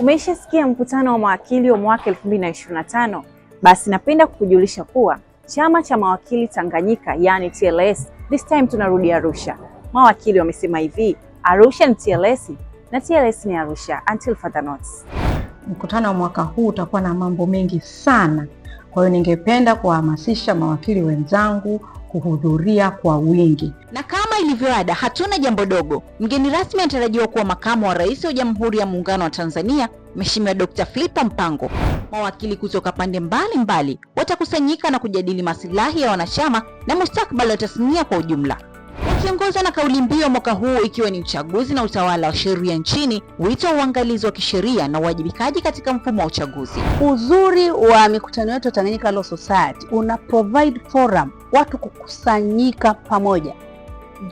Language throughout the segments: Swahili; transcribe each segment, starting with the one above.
Umeishasikia mkutano wa mawakili wa mwaka 2025? Basi napenda kukujulisha kuwa chama cha mawakili Tanganyika yani TLS, this time tunarudi Arusha. Mawakili wamesema hivi, Arusha ni TLS na TLS ni Arusha until further notice. Mkutano wa mwaka huu utakuwa na mambo mengi sana, kwa hiyo ningependa kuwahamasisha mawakili wenzangu kuhudhuria kwa wingi. Na kama ilivyoada, hatuna jambo dogo. Mgeni rasmi anatarajiwa kuwa makamu wa rais wa Jamhuri ya Muungano wa Tanzania, Mheshimiwa Dr. Filipo Mpango. Mawakili kutoka pande mbalimbali watakusanyika na kujadili masilahi ya wanachama na mustakabali wa tasnia kwa ujumla. Wakiongozwa na kauli mbiu ya mwaka huu ikiwa ni uchaguzi na utawala wa sheria nchini, wito wa uangalizi wa kisheria na uwajibikaji katika mfumo wa uchaguzi. Uzuri wa mikutano yetu Tanganyika Law Society una provide forum watu kukusanyika pamoja,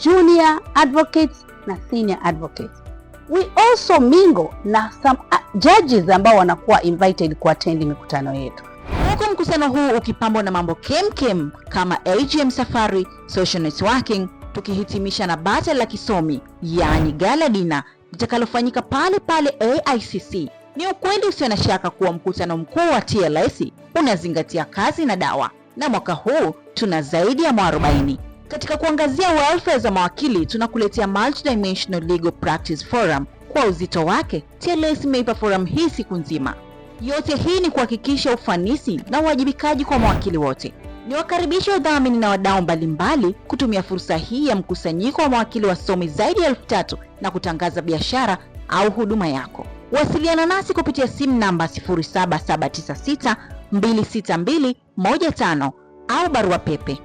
junior advocates na senior advocates. We also mingle na some uh, judges ambao wanakuwa invited kuattend mikutano yetu. Huku mkusano huu ukipambwa na mambo kemkem kama AGM safari, social networking, tukihitimisha na bata la kisomi yaani gala dina litakalofanyika pale pale AICC. Ni ukweli usio na shaka kuwa mkutano mkuu wa TLS unazingatia kazi na dawa, na mwaka huu tuna zaidi ya mwarobaini. Katika kuangazia welfare za mawakili, tunakuletea Multidimensional Legal Practice Forum. Kwa uzito wake, TLS imeipa forum hii siku nzima. Yote hii ni kuhakikisha ufanisi na uwajibikaji kwa mawakili wote. Ni wakaribisha wadhamini na wadau mbalimbali kutumia fursa hii ya mkusanyiko wa mawakili wasomi zaidi ya elfu tatu na kutangaza biashara au huduma yako. Wasiliana nasi kupitia simu namba 7796 26215 au barua pepe.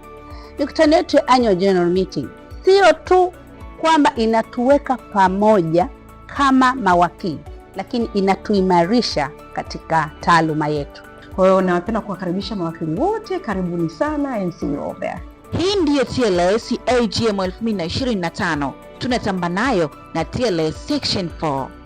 Mikutano yetu ya annual general meeting sio tu kwamba inatuweka pamoja kama mawakili, lakini inatuimarisha katika taaluma yetu. Kwa hiyo napenda kuwakaribisha mawakili wote, karibuni sana MC Robert. Hii ndiyo TLS AGM 2025 tunatamba nayo na TLS Section 4.